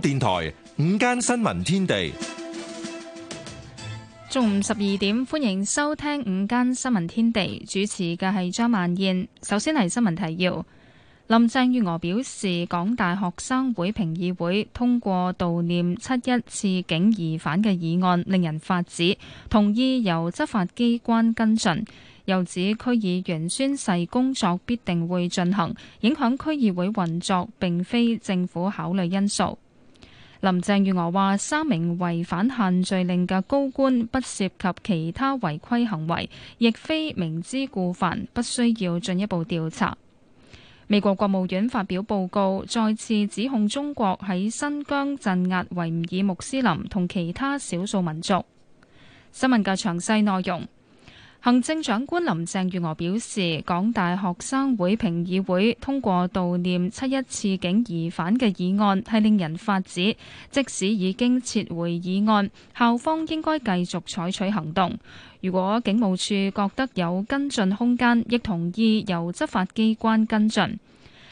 電台午間新聞天地，中午十二點，歡迎收聽午間新聞天地。主持嘅係張曼燕。首先係新聞提要。林鄭月娥表示，港大學生會評議會通過悼念七一刺警疑犯嘅議案，令人髮指，同意由執法機關跟進。又指區議員宣誓工作必定會進行，影響區議會運作，並非政府考慮因素。林鄭月娥話：三名違反限聚令嘅高官不涉及其他違規行為，亦非明知故犯，不需要進一步調查。美國國務院發表報告，再次指控中國喺新疆鎮壓維吾爾穆斯林同其他少數民族。新聞嘅詳細內容。行政長官林鄭月娥表示，港大學生會評議會通過悼念七一刺警疑犯嘅議案係令人髮指，即使已經撤回議案，校方應該繼續採取行動。如果警務處覺得有跟進空間，亦同意由執法機關跟進。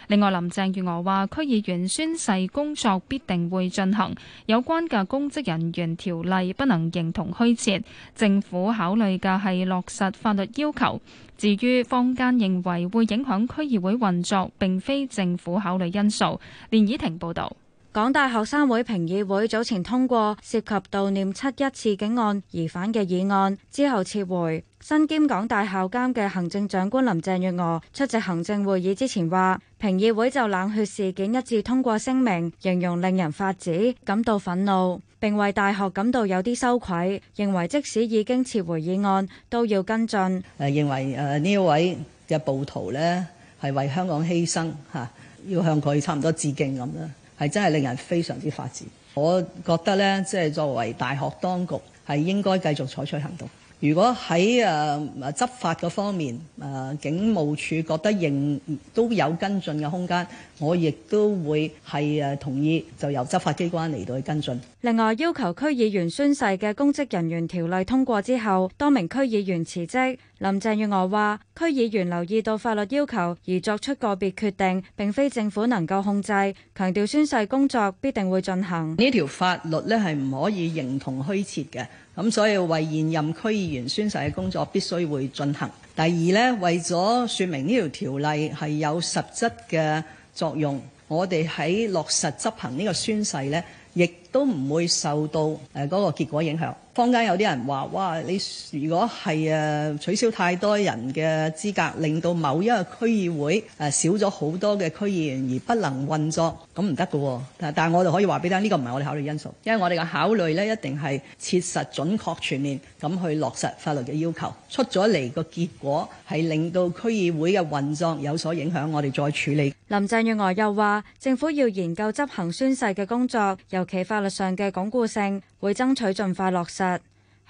另外，林鄭月娥話：區議員宣誓工作必定會進行，有關嘅公職人員條例不能形同虛設。政府考慮嘅係落實法律要求。至於坊間認為會影響區議會運作，並非政府考慮因素。連以婷報導。港大學生會評議會早前通過涉及悼念七一刺警案疑犯嘅議案，之後撤回。身兼港大校監嘅行政長官林鄭月娥出席行政會議之前話：評議會就冷血事件一致通過聲明，形容令人發指，感到憤怒，並為大學感到有啲羞愧，認為即使已經撤回議案，都要跟進。誒，認為誒呢一位嘅暴徒呢，係為香港犧牲嚇，要向佢差唔多致敬咁啦。係真係令人非常之發指，我覺得呢，即係作為大學當局係應該繼續採取行動。如果喺誒執法嘅方面，誒警務處覺得仍都有跟進嘅空間，我亦都會係誒同意，就由執法機關嚟到去跟進。另外，要求區議員宣誓嘅公職人員條例通過之後，多名區議員辭職。林鄭月娥話：區議員留意到法律要求而作出個別決定，並非政府能夠控制。強調宣誓工作必定會進行。呢條法律呢係唔可以形同虛設嘅，咁所以為現任區議員宣誓嘅工作必須會進行。第二呢，為咗說明呢條條例係有實質嘅作用，我哋喺落實執行呢個宣誓呢，亦都唔會受到誒嗰個結果影響。坊間有啲人話，哇！你如果係誒取消太多人嘅資格，令到某一個區議會誒少咗好多嘅區議員而不能運作，咁唔得㗎。但係我哋可以話俾你聽，呢個唔係我哋考慮因素，因為我哋嘅考慮咧一定係切實、準確、全面咁去落實法律嘅要求。出咗嚟個結果係令到區議會嘅運作有所影響，我哋再處理。林鄭月娥又話，政府要研究執行宣誓嘅工作，尤其法律上嘅鞏固性。會爭取盡快落實。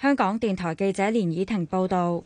香港電台記者連倚婷報導。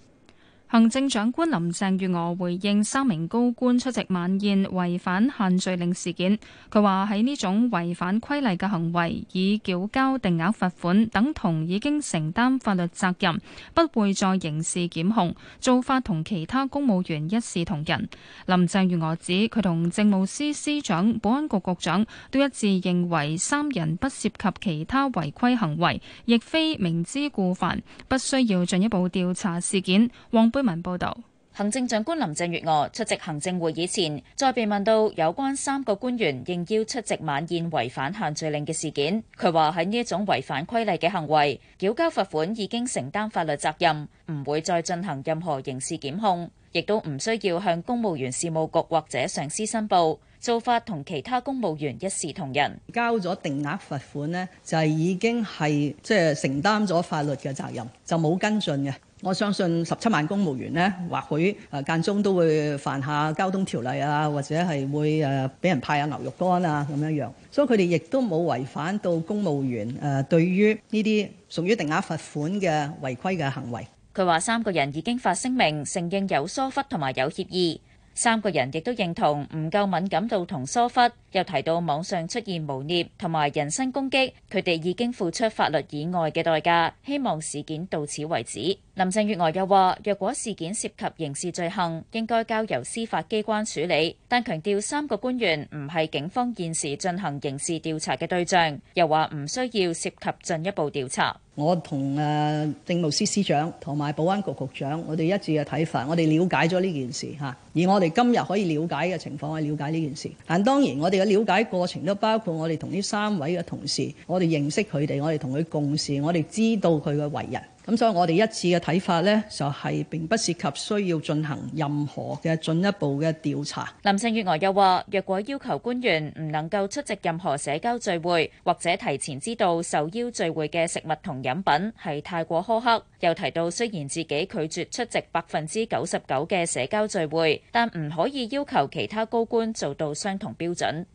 行政長官林鄭月娥回應三名高官出席晚宴違反限聚令事件，佢話喺呢種違反規例嘅行為，以繳交定額罰款等同已經承擔法律責任，不會再刑事檢控，做法同其他公務員一視同仁。林鄭月娥指佢同政務司司長、保安局局長都一致認為三人不涉及其他違規行為，亦非明知故犯，不需要進一步調查事件。黃。居民報道，行政長官林鄭月娥出席行政會議前，再被問到有關三個官員應邀出席晚宴違反限聚令嘅事件，佢話喺呢一種違反規例嘅行為，繳交罰款已經承擔法律責任，唔會再進行任何刑事檢控，亦都唔需要向公務員事務局或者上司申報，做法同其他公務員一視同仁。交咗定額罰款呢，就係、是、已經係即係承擔咗法律嘅責任，就冇跟進嘅。我相信十七萬公務員呢，或許誒間中都會犯下交通條例啊，或者係會誒俾人派下牛肉乾啊咁樣樣。所以佢哋亦都冇違反到公務員誒對於呢啲屬於定額罰款嘅違規嘅行為。佢話，三個人已經發聲明承認有疏忽同埋有協議，三個人亦都認同唔夠敏感度同疏忽。又提到網上出現污蔑同埋人身攻擊，佢哋已經付出法律以外嘅代價，希望事件到此為止。林鄭月娥又話：若果事件涉及刑事罪行，應該交由司法機關處理，但強調三個官員唔係警方現時進行刑事調查嘅對象。又話唔需要涉及進一步調查。我同誒政務司司長同埋保安局局長，我哋一致嘅睇法。我哋了解咗呢件事吓，以我哋今日可以了解嘅情況嚟了解呢件事。但當然，我哋嘅了解過程都包括我哋同呢三位嘅同事，我哋認識佢哋，我哋同佢共事，我哋知道佢嘅為人。咁所以我哋一次嘅睇法呢，就係並不涉及需要進行任何嘅進一步嘅調查。林鄭月娥又話：若果要求官員唔能夠出席任何社交聚會，或者提前知道受邀聚會嘅食物同飲品係太過苛刻。又提到，雖然自己拒絕出席百分之九十九嘅社交聚會，但唔可以要求其他高官做到相同標準。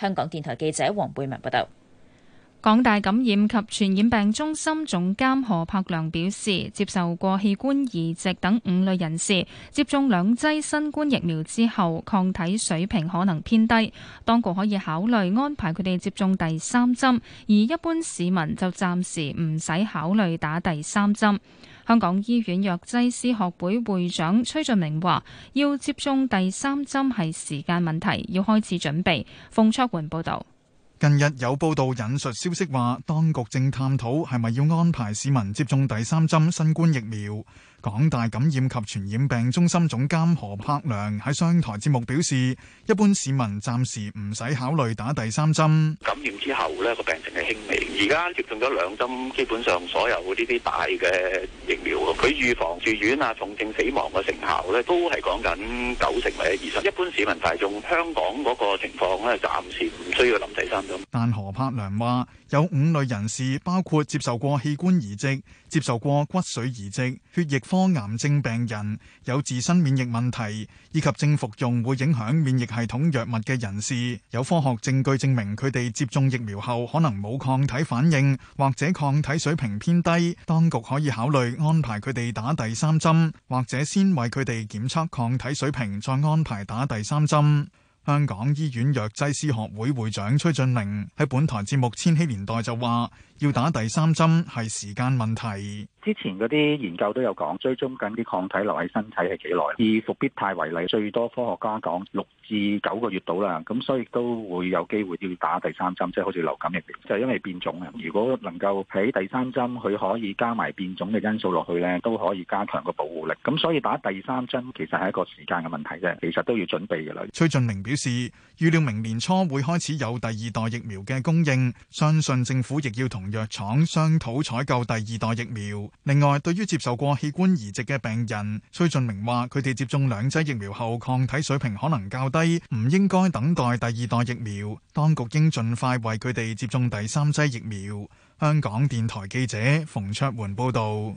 香港電台記者黃貝文報道。港大感染及傳染病中心總監何柏良表示，接受過器官移植等五類人士接種兩劑新冠疫苗之後，抗體水平可能偏低，當局可以考慮安排佢哋接種第三針，而一般市民就暫時唔使考慮打第三針。香港醫院藥劑師學會會長崔俊明話：要接種第三針係時間問題，要開始準備。馮卓桓報導。近日有報道引述消息話，當局正探討係咪要安排市民接種第三針新冠疫苗。港大感染及傳染病中心總監何柏良喺商台節目表示，一般市民暫時唔使考慮打第三針。感染之後咧，個病情係輕微，而家接種咗兩針，基本上所有呢啲大嘅疫苗，佢預防住院啊、重症死亡嘅成效咧，都係講緊九成或者以上。一般市民大眾，香港嗰個情況咧，暫時唔需要諗第三針。但何柏良話，有五類人士，包括接受過器官移植、接受過骨髓移植、血液。多癌症病人、有自身免疫問題以及正服用會影響免疫系統藥物嘅人士，有科學證據證明佢哋接種疫苗後可能冇抗體反應或者抗體水平偏低，當局可以考慮安排佢哋打第三針或者先為佢哋檢測抗體水平，再安排打第三針。香港醫院藥劑師學會會，會長崔俊明喺本台節目《千禧年代》就話要打第三針係時間問題。之前嗰啲研究都有講追蹤緊啲抗體留喺身體係幾耐，以復必泰為例，最多科學家講六至九個月到啦。咁所以都會有機會要打第三針，即係好似流感疫苗，就係因為變種啊。如果能夠喺第三針佢可以加埋變種嘅因素落去咧，都可以加強個保護力。咁所以打第三針其實，係一個時間嘅問題啫，其實都要準備嘅啦。崔俊明表示，預料明年初會開始有第二代疫苗嘅供應，相信政府亦要同藥廠商討採購第二代疫苗。另外，對於接受過器官移植嘅病人，崔俊明話：佢哋接種兩劑疫苗後，抗體水平可能較低，唔應該等待第二代疫苗。當局應盡快為佢哋接種第三劑疫苗。香港電台記者馮卓援報導。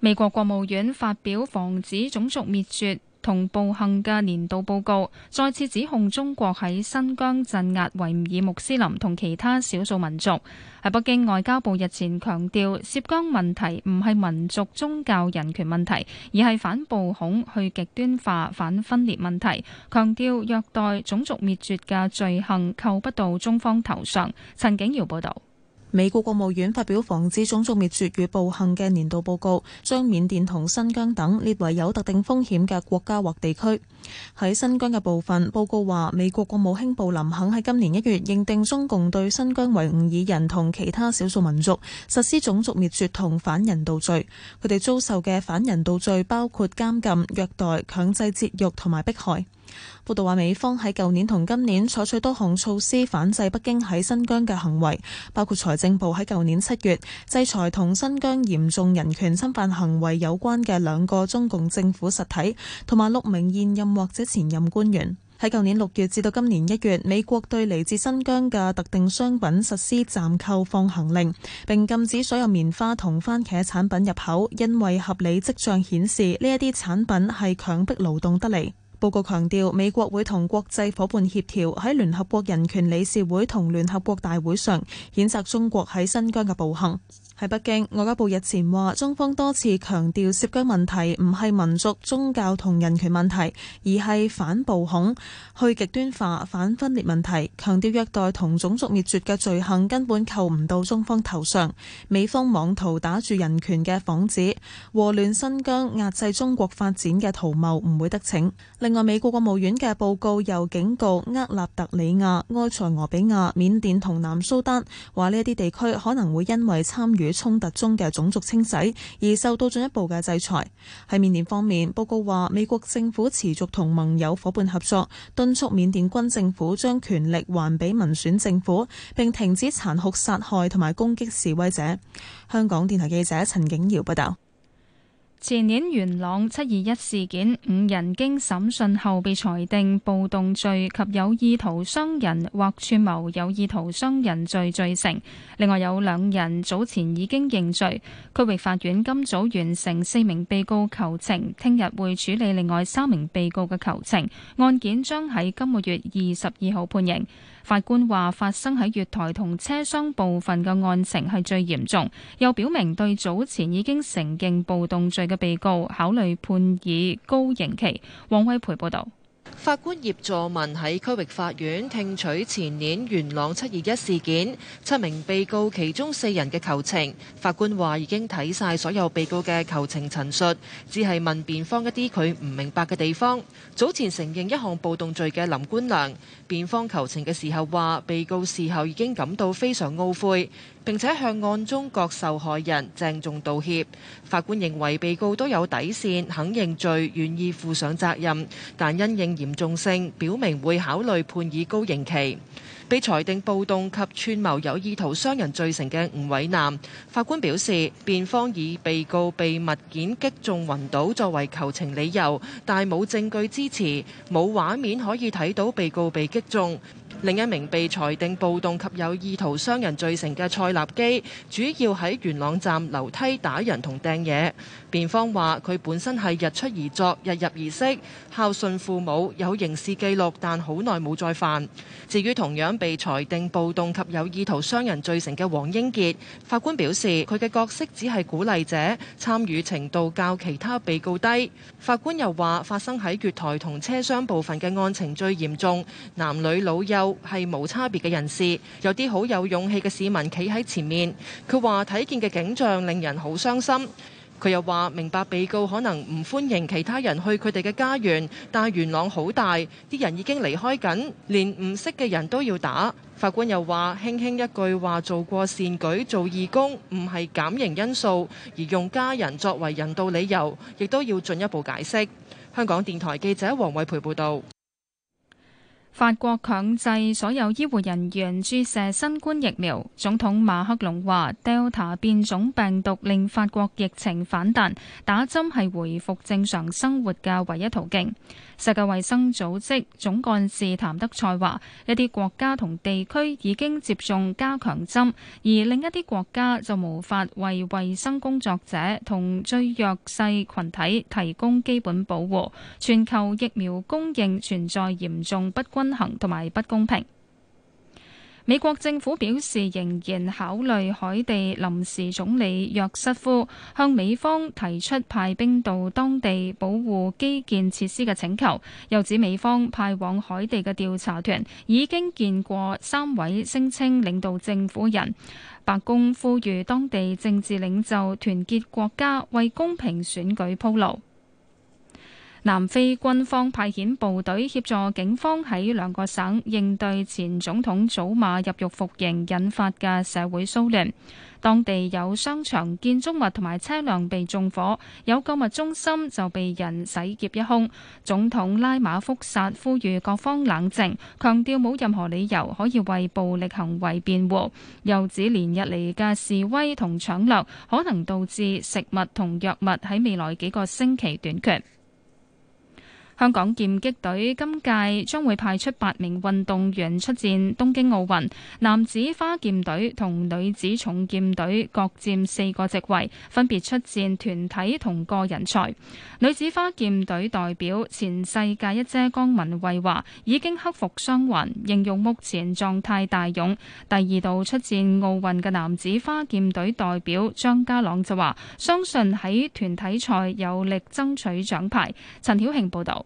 美國國務院發表防止種族滅絕。同暴行嘅年度報告再次指控中國喺新疆鎮壓維吾爾穆斯林同其他少數民族。喺北京外交部日前強調涉疆問題唔係民族宗教人權問題，而係反暴恐、去極端化、反分裂問題，強調虐待、種族滅絕嘅罪行扣不到中方頭上。陳景堯報道。美國國務院發表防止種族滅絕與暴行嘅年度報告，將緬甸同新疆等列為有特定風險嘅國家或地區。喺新疆嘅部分，報告話美國國務卿布林肯喺今年一月認定中共對新疆維吾爾人同其他少數民族實施種族滅絕同反人道罪。佢哋遭受嘅反人道罪包括監禁、虐待、強制節育同埋迫害。報道話，美方喺舊年同今年採取多項措施反制北京喺新疆嘅行為，包括財政部喺舊年七月制裁同新疆嚴重人權侵犯行為有關嘅兩個中共政府實體，同埋六名現任或者前任官員。喺舊年六月至到今年一月，美國對嚟自新疆嘅特定商品實施暫扣放行令，並禁止所有棉花同番茄產品入口，因為合理跡象顯示呢一啲產品係強迫勞動得嚟。報告強調，美國會同國際伙伴協調，喺聯合國人權理事會同聯合國大會上，譴責中國喺新疆嘅暴行。喺北京，外交部日前話，中方多次強調涉疆問題唔係民族、宗教同人權問題，而係反暴恐、去極端化、反分裂問題，強調虐待同種族滅絕嘅罪行根本扣唔到中方頭上。美方妄圖打住人權嘅幌子，禍亂新疆、壓制中國發展嘅圖謀唔會得逞。另外，美國國務院嘅報告又警告厄立特里亞、埃塞俄比亞、緬甸同南蘇丹，話呢一啲地區可能會因為參與。與衝突中嘅種族清洗而受到進一步嘅制裁。喺緬甸方面，報告話美國政府持續同盟友夥伴合作，敦促緬甸軍政府將權力還俾民選政府，並停止殘酷殺害同埋攻擊示威者。香港電台記者陳景堯報道。前年元朗七二一事件，五人經審訊後被裁定暴動罪及有意圖傷人或串謀有意圖傷人罪罪成。另外有兩人早前已經認罪。區域法院今早完成四名被告求情，聽日會處理另外三名被告嘅求情。案件將喺今個月二十二號判刑。法官話，發生喺月台同車廂部分嘅案情係最嚴重，又表明對早前已經承認暴動罪嘅被告考慮判以高刑期。王偉培報導。法官葉助文喺區域法院聽取前年元朗七二一事件七名被告其中四人嘅求情。法官話已經睇晒所有被告嘅求情陳述，只係問辯方一啲佢唔明白嘅地方。早前承認一項暴動罪嘅林官良，辯方求情嘅時候話，被告事後已經感到非常懊悔。並且向案中各受害人鄭重道歉。法官認為被告都有底線，肯認罪，願意負上責任，但因應嚴重性，表明會考慮判以高刑期。被裁定暴動及串謀有意圖傷人罪成嘅吳偉南，法官表示，辯方以被告被物件擊中暈倒作為求情理由，但冇證據支持，冇畫面可以睇到被告被擊中。另一名被裁定暴動及有意圖傷人罪成嘅蔡立基，主要喺元朗站樓梯打人同掟嘢。辯方話佢本身係日出而作，日入而息，孝順父母，有刑事記錄，但好耐冇再犯。至於同樣被裁定暴動及有意圖傷人罪成嘅黃英傑，法官表示佢嘅角色只係鼓勵者，參與程度較其他被告低。法官又話發生喺月台同車廂部分嘅案情最嚴重，男女老幼。係冇差別嘅人士，有啲好有勇氣嘅市民企喺前面。佢話睇見嘅景象令人好傷心。佢又話明白被告可能唔歡迎其他人去佢哋嘅家園，但元朗好大，啲人已經離開緊，連唔識嘅人都要打。法官又話輕輕一句話做過善舉做義工唔係減刑因素，而用家人作為人道理由，亦都要進一步解釋。香港電台記者黃偉培報導。法國強制所有醫護人員注射新冠疫苗。總統馬克龍話：Delta 變種病毒令法國疫情反彈，打針係回復正常生活嘅唯一途徑。世界衛生組織總幹事譚德塞話：一啲國家同地區已經接種加強針，而另一啲國家就無法為衛生工作者同最弱勢群體提供基本保護。全球疫苗供應存在嚴重不均衡同埋不公平。美國政府表示仍然考慮海地臨時總理約瑟夫向美方提出派兵到當地保護基建設施嘅請求，又指美方派往海地嘅調查團已經見過三位聲稱領導政府人。白宮呼籲當地政治領袖團結國家，為公平選舉鋪路。南非軍方派遣部隊協助警方喺兩個省應對前總統祖馬入獄服刑引發嘅社會騷亂。當地有商場、建築物同埋車輛被縱火，有購物中心就被人洗劫一空。總統拉馬福薩呼籲各方冷靜，強調冇任何理由可以為暴力行為辯護，又指連日嚟嘅示威同搶掠可能導致食物同藥物喺未來幾個星期短缺。香港劍擊隊今屆將會派出八名運動員出戰東京奧運，男子花劍隊同女子重劍隊各佔四個席位，分別出戰團體同個人賽。女子花劍隊代表前世界一姐江文慧話：已經克服傷患，形容目前狀態大勇。第二度出戰奧運嘅男子花劍隊代表張家朗就話：相信喺團體賽有力爭取獎牌。陳曉慶報導。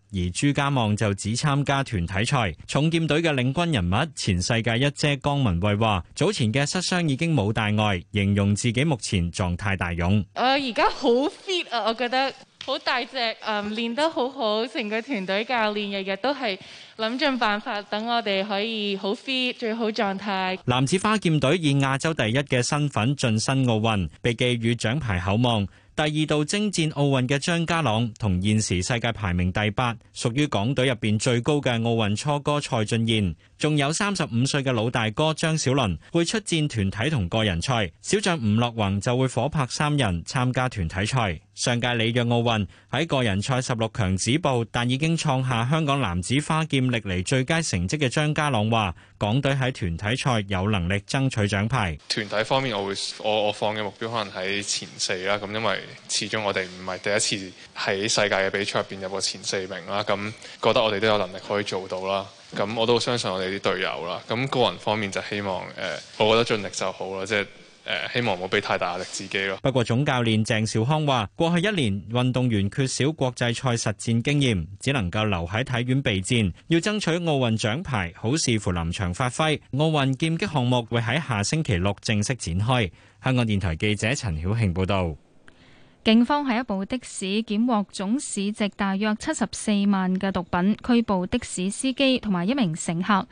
而朱家望就只參加團體賽，重劍隊嘅領軍人物前世界一姐江文慧話：早前嘅失傷已經冇大礙，形容自己目前狀態大勇。啊，而家好 fit 啊！我覺得好大隻，嗯，練得好好，成個團隊教練日日都係諗盡辦法，等我哋可以好 fit 最好狀態。男子花劍隊以亞洲第一嘅身份晉身奧運，被寄予獎牌厚望。第二度征戰奧運嘅張家朗，同現時世界排名第八，屬於港隊入邊最高嘅奧運初哥蔡俊彥。仲有三十五歲嘅老大哥張小倫會出戰團體同個人賽，小將吳樂宏就會火拍三人參加團體賽。上屆里約奧運喺個人賽十六強止步，但已經創下香港男子花劍歷來最佳成績嘅張家朗話，港隊喺團體賽有能力爭取獎牌。團體方面我，我會我我放嘅目標可能喺前四啦。咁因為始終我哋唔係第一次喺世界嘅比賽入邊有過前四名啦，咁覺得我哋都有能力可以做到啦。咁我都相信我哋啲隊友啦。咁、那個人方面就希望誒、呃，我覺得盡力就好啦。即係誒，希望唔好俾太大壓力自己咯。不過總教練鄭少康話，過去一年運動員缺少國際賽實戰經驗，只能夠留喺體院備戰，要爭取奧運獎牌，好視乎臨場發揮。奧運劍擊項目會喺下星期六正式展開。香港電台記者陳曉慶報道。警方喺一部的士檢獲總市值大約七十四萬嘅毒品，拘捕的士司機同埋一名乘客。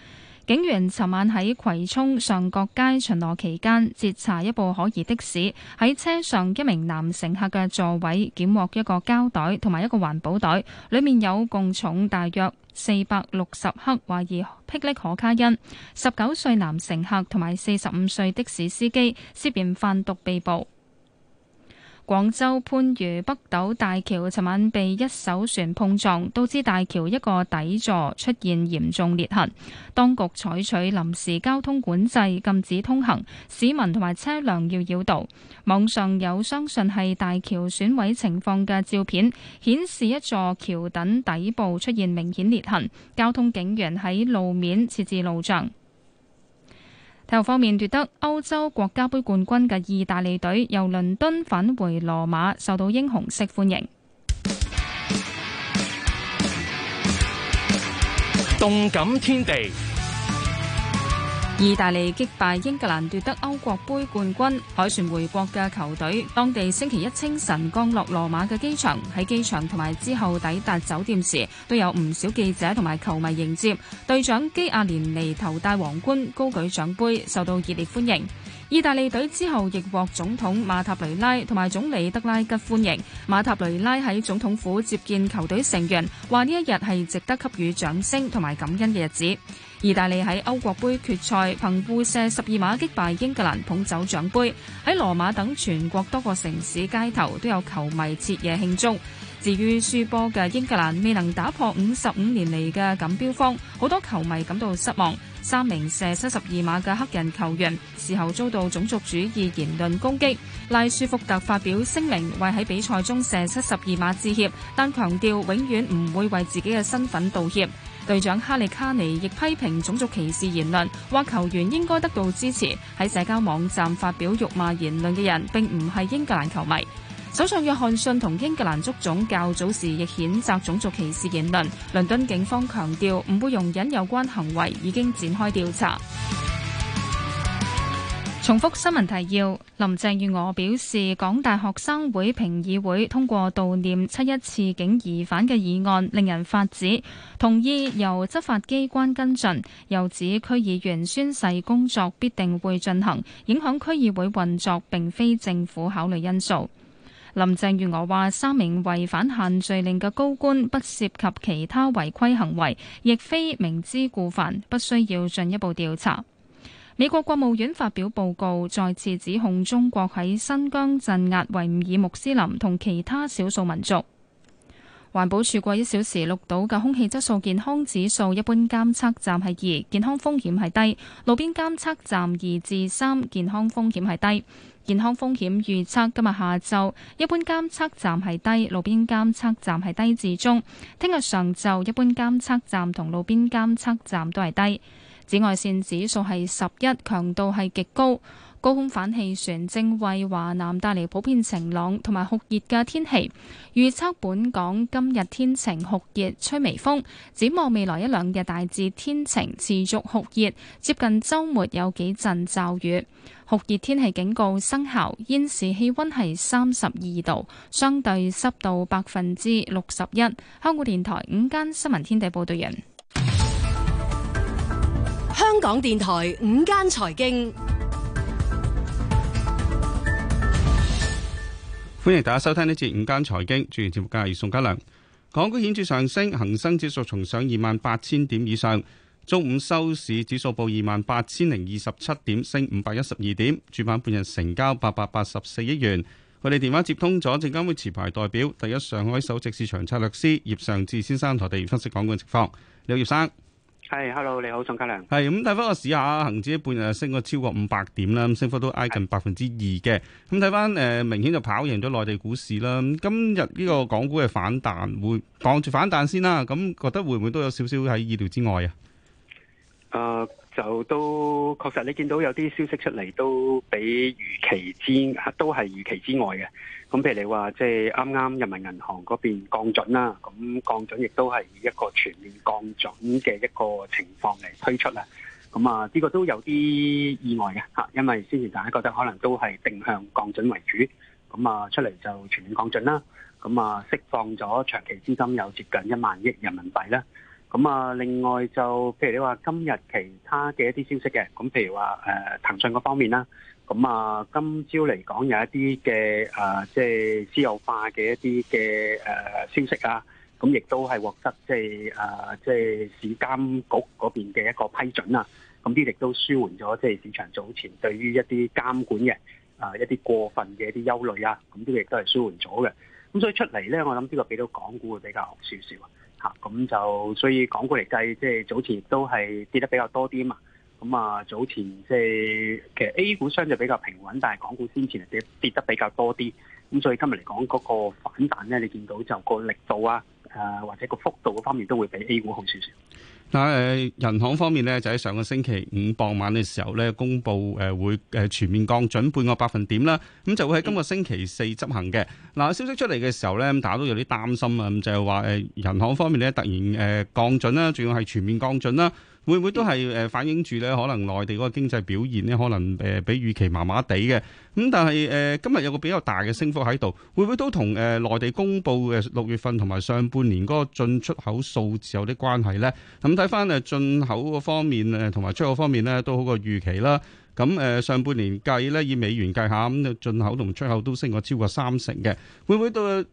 警員尋晚喺葵涌上角街巡邏期間，截查一部可疑的士，喺車上一名男乘客嘅座位檢獲一個膠袋同埋一個環保袋，裡面有共重大約四百六十克懷疑霹靂可卡因。十九歲男乘客同埋四十五歲的士司機涉嫌販毒被捕。廣州番禺北斗大橋尋晚被一艘船碰撞，導致大橋一個底座出現嚴重裂痕。當局採取臨時交通管制，禁止通行，市民同埋車輛要繞道。網上有相信係大橋損毀情況嘅照片，顯示一座橋墩底部出現明顯裂痕。交通警員喺路面設置路障。體育方面，奪得歐洲國家杯冠軍嘅意大利隊由倫敦返回羅馬，受到英雄式歡迎。動感天地。意大利擊敗英格蘭奪得歐國杯冠軍，凱旋回國嘅球隊，當地星期一清晨降落羅馬嘅機場。喺機場同埋之後抵達酒店時，都有唔少記者同埋球迷迎接。隊長基亞連尼頭戴皇冠，高舉獎杯，受到熱烈歡迎。意大利隊之後亦獲總統馬塔雷拉同埋總理德拉吉歡迎。馬塔雷拉喺總統府接見球隊成員，話呢一日係值得給予掌聲同埋感恩嘅日子。意大利喺歐國杯決賽憑布射十二碼擊敗英格蘭捧走獎杯，喺羅馬等全國多個城市街頭都有球迷徹夜慶祝。至於輸波嘅英格蘭未能打破五十五年嚟嘅錦標荒，好多球迷感到失望。三名射七十二碼嘅黑人球員事後遭到種族主義言論攻擊，賴舒福特發表聲明為喺比賽中射七十二碼致歉，但強調永遠唔會為自己嘅身份道歉。隊長哈利卡尼亦批評種族歧視言論，話球員應該得到支持。喺社交網站發表辱罵言論嘅人，並唔係英格蘭球迷。首相約翰遜同英格蘭足總較早時亦譴責種族歧視言論。倫敦警方強調唔會容忍有關行為，已經展開調查。重複新聞提要：林鄭月娥表示，港大學生會評議會通過悼念七一刺警疑犯嘅議案，令人發指，同意由執法機關跟進。又指區議員宣誓工作必定會進行，影響區議會運作，並非政府考慮因素。林鄭月娥話，三名違反限聚令嘅高官不涉及其他違規行為，亦非明知故犯，不需要進一步調查。美國國務院發表報告，再次指控中國喺新疆鎮壓維吾爾穆斯林同其他少數民族。環保署過一小時錄到嘅空氣質素健康指數，一般監測站係二，健康風險係低；路邊監測站二至三，健康風險係低。健康風險預測今日下晝一般監測站係低，路邊監測站係低至中。聽日上晝一般監測站同路邊監測站都係低。紫外線指數係十一，強度係極高。高空反氣旋正為華南帶嚟普遍晴朗同埋酷熱嘅天氣。預測本港今日天晴酷熱，吹微風。展望未來一兩日大致天晴，持續酷熱，接近周末有幾陣驟雨。酷熱天氣警告生效。現時氣温係三十二度，相對濕度百分之六十一。香港電台午間新聞天地報道完。香港電台午間財經。歡迎大家收聽呢次《午間財經》。主持節目嘅係宋家良。港股顯著上升，恒生指數重上二萬八千點以上。中午收市指數報二萬八千零二十七點，升五百一十二點。主板半日成交八百八十四億元。我哋電話接通咗證監會持牌代表，第一上海首席市場策略師葉尚志先生同我哋分析港股嘅情況。你好，葉生。係，hello，你好，宋家良。係，咁睇翻個市下，恒指半日升咗超過五百點啦，升幅都挨近百分之二嘅。咁睇翻，誒、呃，明顯就跑贏咗內地股市啦。今日呢個港股嘅反彈，會擋住反彈先啦。咁、嗯、覺得會唔會都有少少喺意料之外啊？呃就都確實，你見到有啲消息出嚟都比預期之都係預期之外嘅。咁譬如你話，即係啱啱人民銀行嗰邊降準啦，咁降準亦都係一個全面降準嘅一個情況嚟推出啦。咁啊，呢個都有啲意外嘅嚇，因為先前大家覺得可能都係定向降準為主，咁啊出嚟就全面降準啦。咁啊，釋放咗長期資金有接近一萬億人民幣啦。咁啊，另外就譬如你話今日其他嘅一啲消息嘅，咁譬如話誒騰訊嗰方面啦，咁啊今朝嚟講有一啲嘅誒，即係私有化嘅一啲嘅誒消息啊，咁亦都係獲得即係誒即係市監局嗰邊嘅一個批准啊，咁啲亦都舒緩咗即係市場早前對於一啲監管嘅啊一啲過分嘅一啲憂慮啊，咁呢亦都係舒緩咗嘅，咁所以出嚟咧，我諗呢個俾到港股會比較好少少。嚇，咁、啊、就所以港股嚟計，即係早前亦都係跌得比較多啲嘛。咁、嗯、啊，早前即係其實 A 股相對比較平穩，但係港股先前係跌跌得比較多啲。咁、嗯、所以今日嚟講嗰個反彈咧，你見到就個力度啊，誒、呃、或者個幅度方面都會比 A 股好少少。嗱，誒、呃，人行方面咧，就喺、是、上個星期五傍晚嘅時候咧，公布誒、呃、會誒全面降準半個百分點啦，咁、嗯、就會喺今個星期四執行嘅。嗱、呃，消息出嚟嘅時候咧，大家都有啲擔心啊，咁就係話誒人行方面咧突然誒、呃、降準啦，仲要係全面降準啦。會唔會都係誒反映住咧？可能內地嗰個經濟表現咧，可能誒比預期麻麻地嘅。咁但係誒今日有個比較大嘅升幅喺度，會唔會都同誒內地公布嘅六月份同埋上半年嗰個進出口數字有啲關係呢？咁睇翻誒進口個方面誒，同埋出口方面咧都好過預期啦。咁誒上半年計咧，以美元計下，咁進口同出口都升過超過三成嘅。會唔會對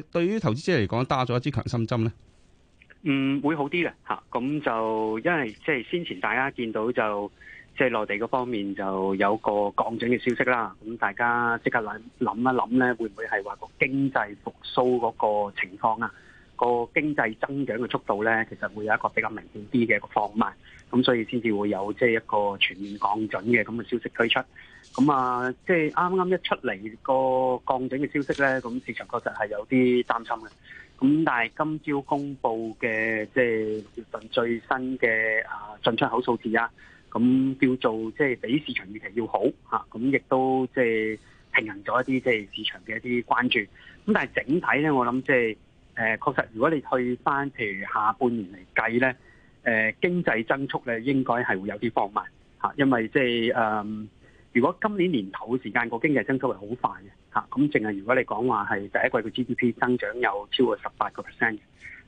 誒對於投資者嚟講打咗一支強心針呢？嗯，會好啲嘅吓，咁、啊、就因為即係先前大家見到就即係內地嗰方面就有個降準嘅消息啦，咁大家即刻諗諗一諗咧，會唔會係話個經濟復蘇嗰個情況啊，個經濟增長嘅速度咧，其實會有一個比較明顯啲嘅一個放慢，咁所以先至會有即係一個全面降準嘅咁嘅消息推出，咁啊即係啱啱一出嚟個降準嘅消息咧，咁市場確實係有啲擔心嘅。咁但係今朝公布嘅即係月份最新嘅啊進出口數字啊，咁叫做即係比市場預期要好嚇，咁亦都即係平衡咗一啲即係市場嘅一啲關注。咁但係整體咧，我諗即係誒確實，如果你去翻譬如下半年嚟計咧，誒經濟增速咧應該係會有啲放慢嚇，因為即係誒。如果今年年頭嘅時間個經濟增速係好快嘅。嚇，咁淨係如果你講話係第一季個 GDP 增長有超過十八個 percent 嘅，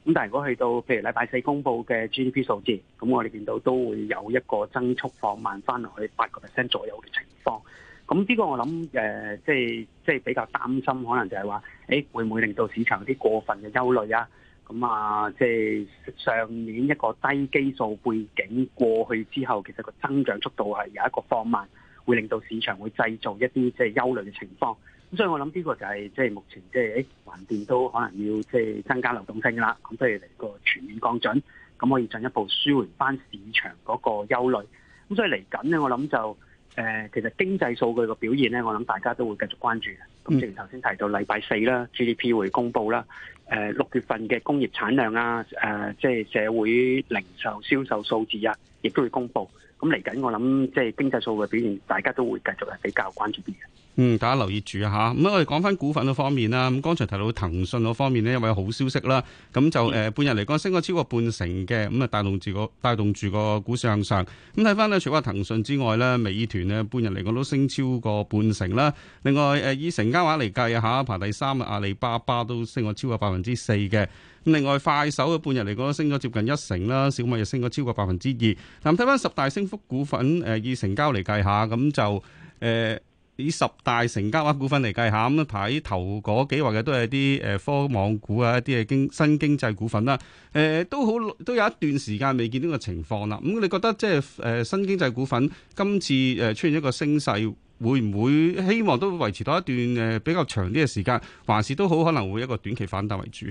咁但係如果去到譬如禮拜四公布嘅 GDP 數字，咁我哋見到都會有一個增速放慢翻落去八個 percent 左右嘅情況。咁呢個我諗誒、呃，即係即係比較擔心，可能就係話誒會唔會令到市場有啲過分嘅憂慮啊？咁啊，即係上年一個低基數背景過去之後，其實個增長速度係有一個放慢。會令到市場會製造一啲即係憂慮嘅情況，咁所以我諗呢個就係即係目前即係誒橫掂都可能要即係增加流動性啦，咁不如嚟個全面降準，咁可以進一步舒緩翻市場嗰個憂慮。咁所以嚟緊咧，我諗就誒、呃、其實經濟數據嘅表現咧，我諗大家都會繼續關注。咁正如頭先提到，禮拜四啦，GDP 會公布啦，誒、呃、六月份嘅工業產量啊，誒即係社會零售銷售銷售數字啊，亦都會公布。咁嚟緊，我諗即係經濟數嘅表現，大家都會繼續係比較關注啲嘅。嗯，大家留意住啊吓。咁、嗯、我哋講翻股份嗰方面啦。咁剛才提到騰訊嗰方面呢，有位好消息啦。咁就誒，嗯、半日嚟講，升咗超過半成嘅。咁啊，帶動住個帶動住個股市向上。咁睇翻呢，除咗騰訊之外呢，美團咧，半日嚟講都升超過半成啦。另外，誒以成交話嚟計下排、啊、第三嘅阿里巴巴都升咗超過百分之四嘅。另外快手嘅半日嚟講，升咗接近一成啦。小米又升咗超過百分之二。咁睇翻十大升幅股份，誒，以成交嚟計下，咁就誒、呃、以十大成交額股份嚟計下，咁排頭嗰幾位嘅都係啲誒科網股啊，一啲嘅經新經濟股份啦。誒、呃，都好都有一段時間未見到個情況啦。咁你覺得即係誒、呃、新經濟股份今次誒出現一個升勢，會唔會希望都維持到一段誒比較長啲嘅時間，還是都好可能會一個短期反彈為主？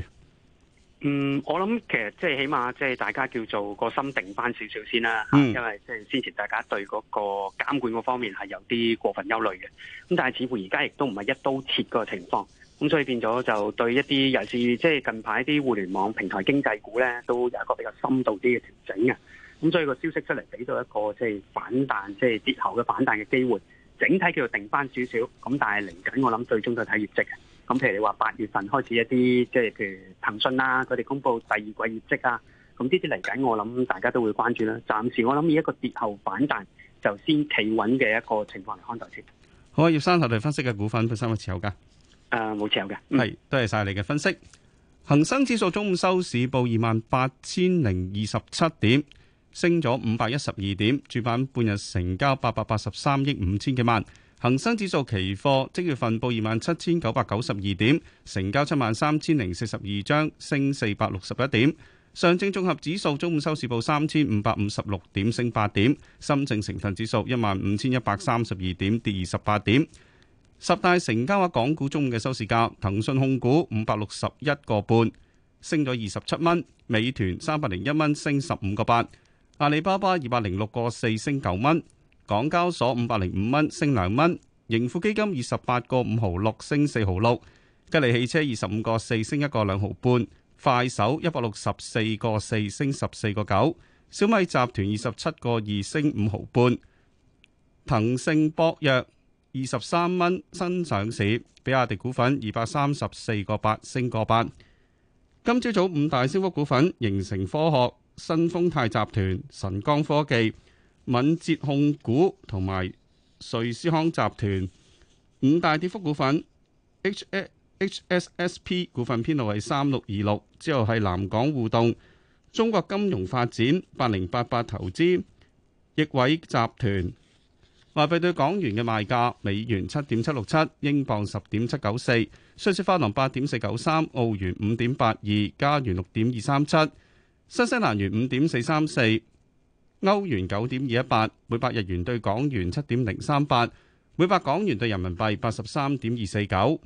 嗯，我諗其實即係起碼即係大家叫做個心定翻少少先啦，吓、嗯，因為即係先前大家對嗰個監管嗰方面係有啲過分憂慮嘅，咁但係似乎而家亦都唔係一刀切個情況，咁所以變咗就對一啲尤其即係近排啲互聯網平台經濟股咧，都有一個比較深度啲嘅調整嘅，咁所以個消息出嚟，俾到一個即係反彈，即係跌後嘅反彈嘅機會，整體叫做定翻少少，咁但係嚟緊我諗最終都係睇業績嘅。咁譬如你話八月份開始一啲，即係譬如騰訊啦，佢哋公布第二季業績啊，咁呢啲嚟緊我諗大家都會關注啦。暫時我諗以一個跌後反彈就先企穩嘅一個情況嚟看待先。好啊，葉生，嚟分析嘅股份有冇持有噶？誒、呃，冇持有嘅。係、嗯，多謝晒你嘅分析。恒生指數中午收市報二萬八千零二十七點，升咗五百一十二點，主板半日成交八百八十三億五千幾萬。恒生指數期貨即月份報二萬七千九百九十二點，成交七萬三千零四十二張，升四百六十一點。上證綜合指數中午收市報三千五百五十六點，升八點。深證成分指數一萬五千一百三十二點，跌二十八點。十大成交額港股中午嘅收市價，騰訊控股五百六十一個半，升咗二十七蚊；美團三百零一蚊，升十五個八；阿里巴巴二百零六個四，升九蚊。港交所五百零五蚊升兩蚊，盈富基金二十八個五毫六升四毫六，吉利汽車二十五個四升一個兩毫半，快手一百六十四個四升十四個九，小米集團二十七個二升五毫半，騰盛博約二十三蚊新上市，比亞迪股份二百三十四個八升個八，今朝早五大升幅股份，形成科學、新豐泰集團、神光科技。敏捷控股同埋瑞斯康集團，五大跌幅股份，H, H S S P 股份編號係三六二六，之後係南港互動、中國金融發展、八零八八投資、易偉集團。外幣對港元嘅賣價：美元七點七六七，英鎊十點七九四，瑞士法郎八點四九三，澳元五點八二，加元六點二三七，新西蘭元五點四三四。歐元九點二一八，每百日元對港元七點零三八，每百港元對人民幣八十三點二四九。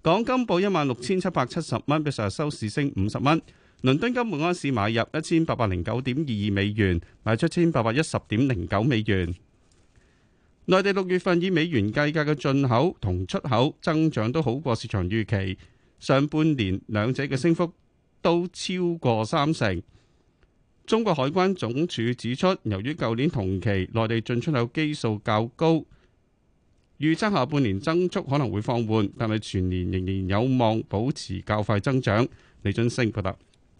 港金報一萬六千七百七十蚊，比上日收市升五十蚊。倫敦金每盎司買入一千八百零九點二二美元，賣出一千八百一十點零九美元。內地六月份以美元計價嘅進口同出口增長都好過市場預期，上半年兩者嘅升幅都超過三成。中國海關總署指出，由於舊年同期內地進出口基數較高，預測下半年增速可能會放緩，但係全年仍然有望保持較快增長。李俊升報道。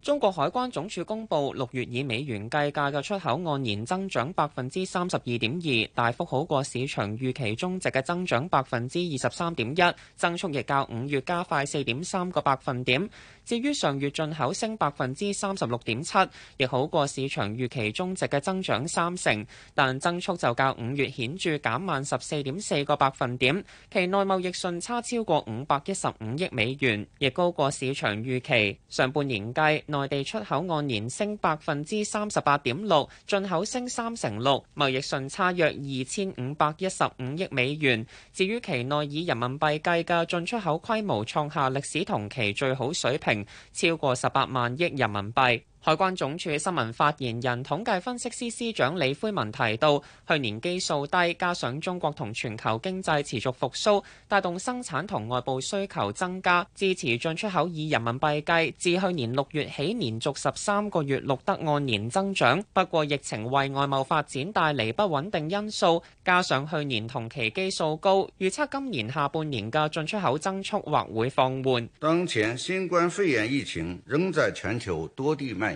中國海關總署公布，六月以美元計價嘅出口按年增長百分之三十二點二，大幅好過市場預期中值嘅增長百分之二十三點一，增速亦較五月加快四點三個百分點。至於上月進口升百分之三十六點七，亦好過市場預期中值嘅增長三成，但增速就較五月顯著減慢十四點四個百分點。期內貿易順差超過五百一十五億美元，亦高過市場預期。上半年計，內地出口按年升百分之三十八點六，進口升三成六，貿易順差約二千五百一十五億美元。至於期內以人民幣計價進出口規模創下歷史同期最好水平，超過十八萬億人民幣。海關總署新聞發言人、統計分析司司長李魁文提到，去年基數低，加上中國同全球經濟持續復甦，帶動生產同外部需求增加，支持進出口以人民幣計，自去年六月起連續十三個月錄得按年增長。不過疫情為外貿發展帶嚟不穩定因素，加上去年同期基數高，預測今年下半年嘅進出口增速或會放緩。當前新冠肺炎疫情仍在全球多地蔓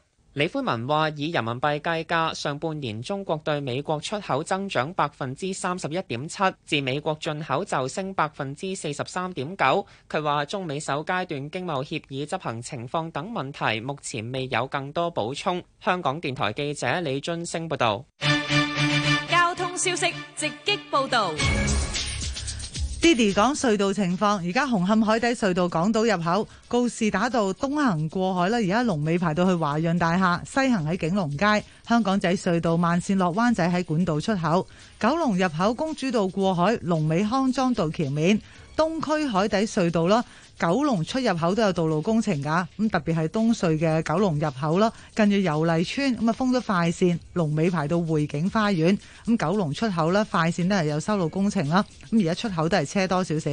李輝文話：以人民幣計價，上半年中國對美國出口增長百分之三十一點七，自美國進口就升百分之四十三點九。佢話中美首階段經貿協議執行情況等問題，目前未有更多補充。香港電台記者李津升報道。交通消息直擊報道。Yes. Diddy 講隧道情況，而家紅磡海底隧道港島入口告士打道東行過海啦，而家龍尾排到去華潤大廈，西行喺景龍街，香港仔隧道慢線落灣仔喺管道出口，九龍入口公主道過海，龍尾康莊道橋面，東區海底隧道啦。九龍出入口都有道路工程噶，咁特別係東隧嘅九龍入口咯，近住油麗村咁啊，封咗快線，龍尾排到匯景花園。咁九龍出口咧快線都係有修路工程啦，咁而家出口都係車多少少。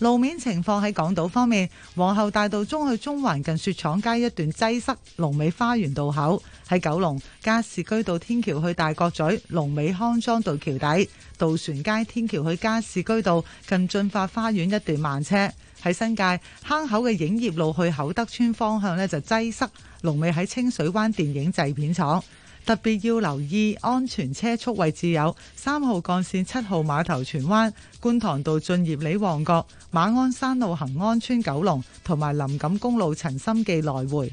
路面情況喺港島方面，皇后大道中去中環近雪廠街一段擠塞，龍尾花園道口。喺九龍加士居道天橋去大角咀、龍尾康莊道橋底、渡船街天橋去加士居道近駿發花園一段慢車；喺新界坑口嘅影業路去厚德村方向呢就擠塞；龍尾喺清水灣電影製片廠。特別要留意安全車速位置有三號幹線、七號碼頭灣、荃灣觀塘道、駿業里旺角、馬鞍山路恒安村九龍、九龍同埋林錦公路陳心記來回。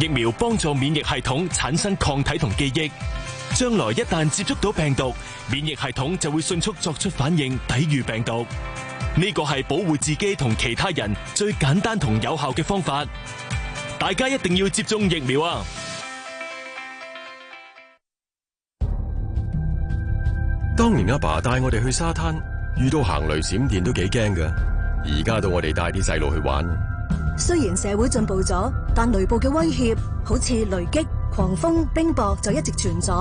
疫苗幫助免疫系統產生抗體同記憶，將來一旦接觸到病毒，免疫系統就會迅速作出反應，抵禦病毒。呢個係保護自己同其他人最簡單同有效嘅方法。大家一定要接種疫苗啊！當年阿爸帶我哋去沙灘，遇到行雷閃電都幾驚㗎。而家到我哋帶啲細路去玩。雖然社會進步咗，但雷暴嘅威脅好似雷擊、狂風、冰雹就一直存在。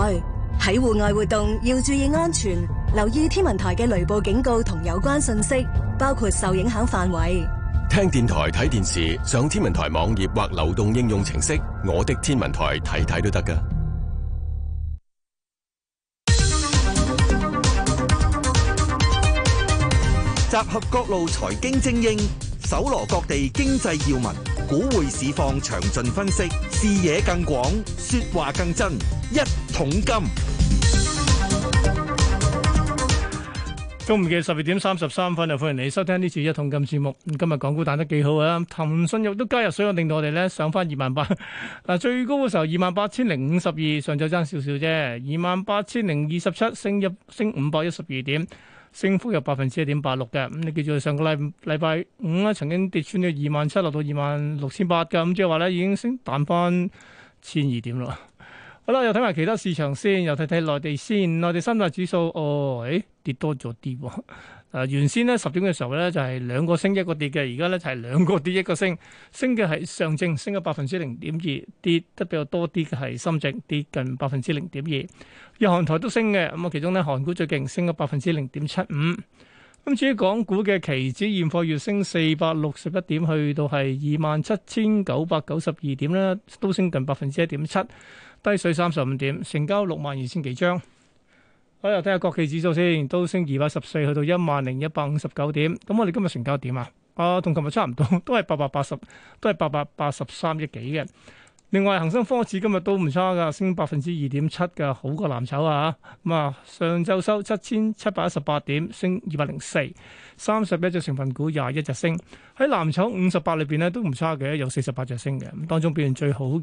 喺戶外活動要注意安全，留意天文台嘅雷暴警告同有關信息，包括受影響範圍。聽電台、睇電視、上天文台網頁或流動應用程式《我的天文台》睇睇都得㗎。集合各路財經精英。搜羅各地經濟要聞，股匯市況詳盡分析，視野更廣，說話更真。一桶金，中午嘅十二點三十三分啊！歡迎嚟收聽呢次一桶金節目。今日港股彈得幾好啊！騰訊亦都加入水，令到我哋咧上翻二萬八。嗱，最高嘅時候二萬八千零五十二，上晝爭少少啫，二萬八千零二十七，升一升五百一十二點。升幅有百分之一點八六嘅，咁你記住上個禮拜五咧曾經跌穿咗二萬七落到二萬六千八嘅，咁即係話咧已經升彈翻千二點咯。好啦，又睇埋其他市場先，又睇睇內地先。內地三大指數哦、哎，跌多咗啲、哦。誒、啊、原先咧十點嘅時候咧就係、是、兩個升一個跌嘅，而家咧就係、是、兩個跌一個升。升嘅係上證，升咗百分之零點二；跌得比較多啲嘅係深證，跌近百分之零點二。日韓台都升嘅，咁啊其中咧韓股最勁，升咗百分之零點七五。咁至於港股嘅期指現貨月升四百六十一點，去到係二萬七千九百九十二點啦，都升近百分之一點七。低水三十五點，成交六萬二千幾張。我哋又睇下國企指數先，都升二百十四，去到一萬零一百五十九點。咁我哋今日成交點啊？啊？啊，同琴日差唔多，都係八百八十，都係八百八十三億幾嘅。另外恒生科指今日都唔差噶，升百分之二點七嘅，好過藍籌啊。咁啊，上晝收七千七百一十八點，升二百零四，三十一隻成分股廿一隻升，喺藍籌五十八裏邊咧都唔差嘅，有四十八隻升嘅，當中表現最好。